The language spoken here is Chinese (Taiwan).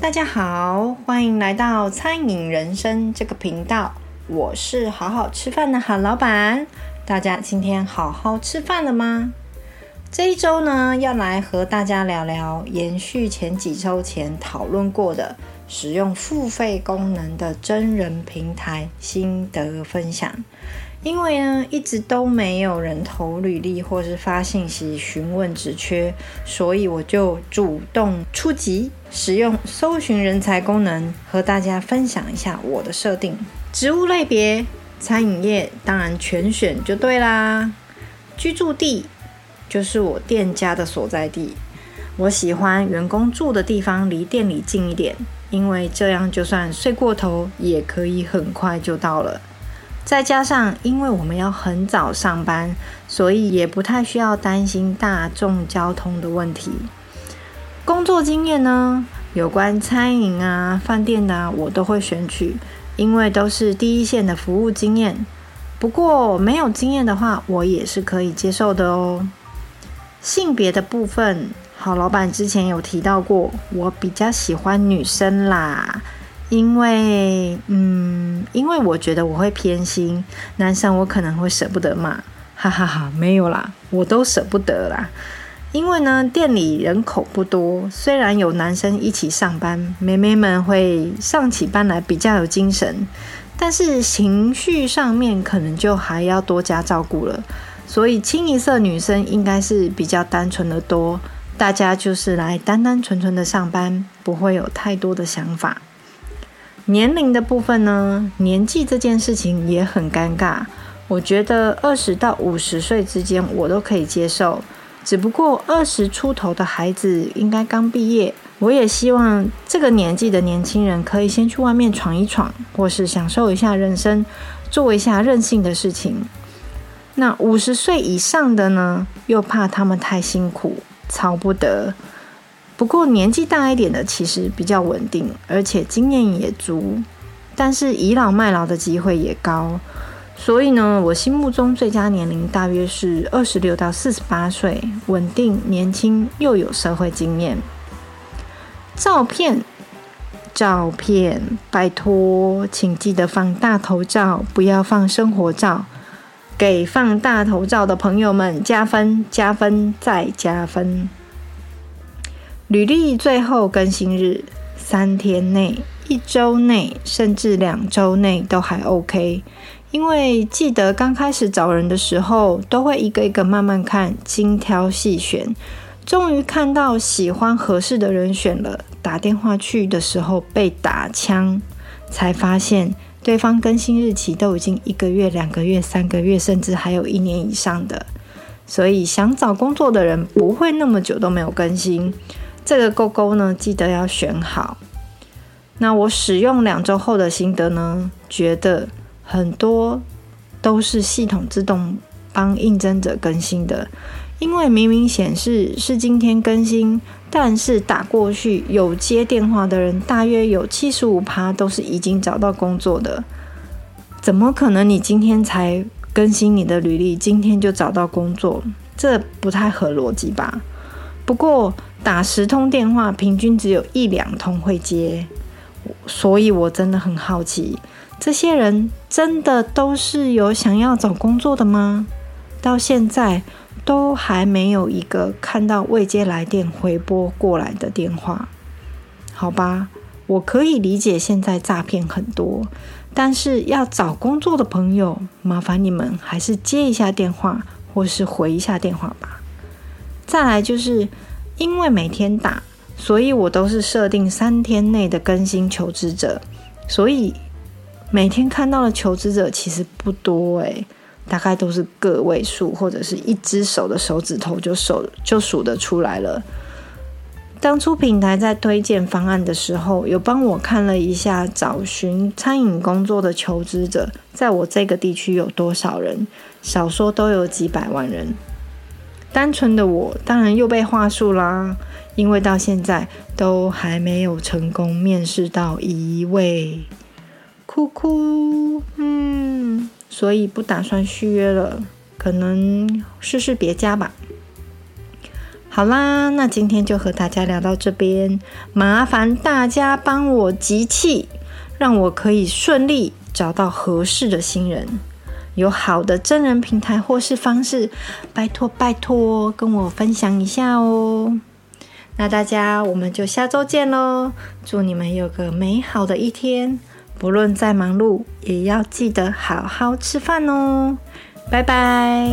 大家好，歡迎來到餐飲人生這個頻道，我是好好吃飯的好老闆。大家今天好好吃飯了嗎？這一週呢，要來和大家聊聊，延續前幾週前討論過的。使用付費功能的真人平台心得分享。因為呢，一直都沒有人投履歷或是發信息詢問職缺，所以我就主動出擊，使用搜尋人才功能，和大家分享一下我的設定。職務類別，餐飲業，當然全選就對啦。居住地，就是我店家的所在地。我喜歡員工住的地方離店裡近一點。因為這樣，就算睡過頭也可以很快就到了。再加上，因為我們要很早上班，所以也不太需要擔心大眾交通的問題。工作經驗呢？有關餐飲啊、飯店啊，我都會選取，因為都是第一線的服務經驗。不過，沒有經驗的話，我也是可以接受的哦。性別的部分，好，老闆之前有提到過，我比較喜歡女生啦，因為，嗯，因為我覺得我會偏心男生，我可能會捨不得嘛，哈哈哈哈，沒有啦，我都捨不得啦，因為呢，店裡人口不多，雖然有男生一起上班，妹妹們會上起班來比較有精神，但是情緒上面可能就還要多加照顧了，所以清一色女生應該是比較單純的多。大家就是來單單純純的上班，不會有太多的想法。年齡的部分呢，年紀這件事情也很尷尬。我覺得二十到五十歲之間，我都可以接受。只不過二十出頭的孩子應該剛畢業，我也希望這個年紀的年輕人可以先去外面闖一闖，或是享受一下人生，做一下任性的事情。那五十歲以上的呢，又怕他們太辛苦。操不得，不過年紀大一點的其實比較穩定，而且經驗也足，但是倚老賣老的機會也高。所以呢，我心目中最佳年齡大約是二十六到四十八歲，穩定、年輕又有社會經驗。照片，照片，拜託，請記得放大頭照，不要放生活照。給放大頭照的朋友們加分，加分，再加分。履歷最後更新日，三天內、一周內，甚至兩周內都還 OK。因為記得剛開始找人的時候，都會一個一個慢慢看，精挑細選。終於看到喜歡合適的人選了，打電話去的時候被打槍，才發現。對方更新日期都已經一個月、兩個月、三個月，甚至還有一年以上的。所以想找工作的人不會那麼久都沒有更新，這個勾勾呢，記得要選好。那我使用兩周後的心得呢，覺得很多都是系統自動幫應徵者更新的。因為明明顯示是今天更新，但是打過去有接電話的人，大約有七十五趴都是已經找到工作的，怎麼可能？你今天才更新你的履歷，今天就找到工作，這不太合邏輯吧？不過打十通電話，平均只有一兩通會接，所以我真的很好奇，這些人真的都是有想要找工作的嗎？到現在，都還沒有一個看到未接來電回撥過來的電話，好吧，我可以理解現在詐騙很多，但是要找工作的朋友，麻煩你們還是接一下電話，或是回一下電話吧。再來就是，因為每天打，所以我都是設定三天內的更新求職者，所以每天看到的求職者其實不多誒、欸。大概都是個位數，或者是一隻手的手指頭就數就數得出來了。當初平台在推薦方案的時候，有幫我看了一下，找尋餐飲工作的求職者，在我這個地區有多少人？少說都有幾百萬人。單純的我，當然又被話術啦，因為到現在都還沒有成功面試到一位。哭哭，嗯。所以不打算續約了，可能試試別家吧。好啦，那今天就和大家聊到這邊，麻煩大家幫我集氣，讓我可以順利找到合適的新人，有好的徵人平台或是方式，拜託拜託，跟我分享一下哦。那大家，我們就下周見嘍，祝你們有個美好的一天。不論再忙碌，也要記得好好吃飯哦。拜拜。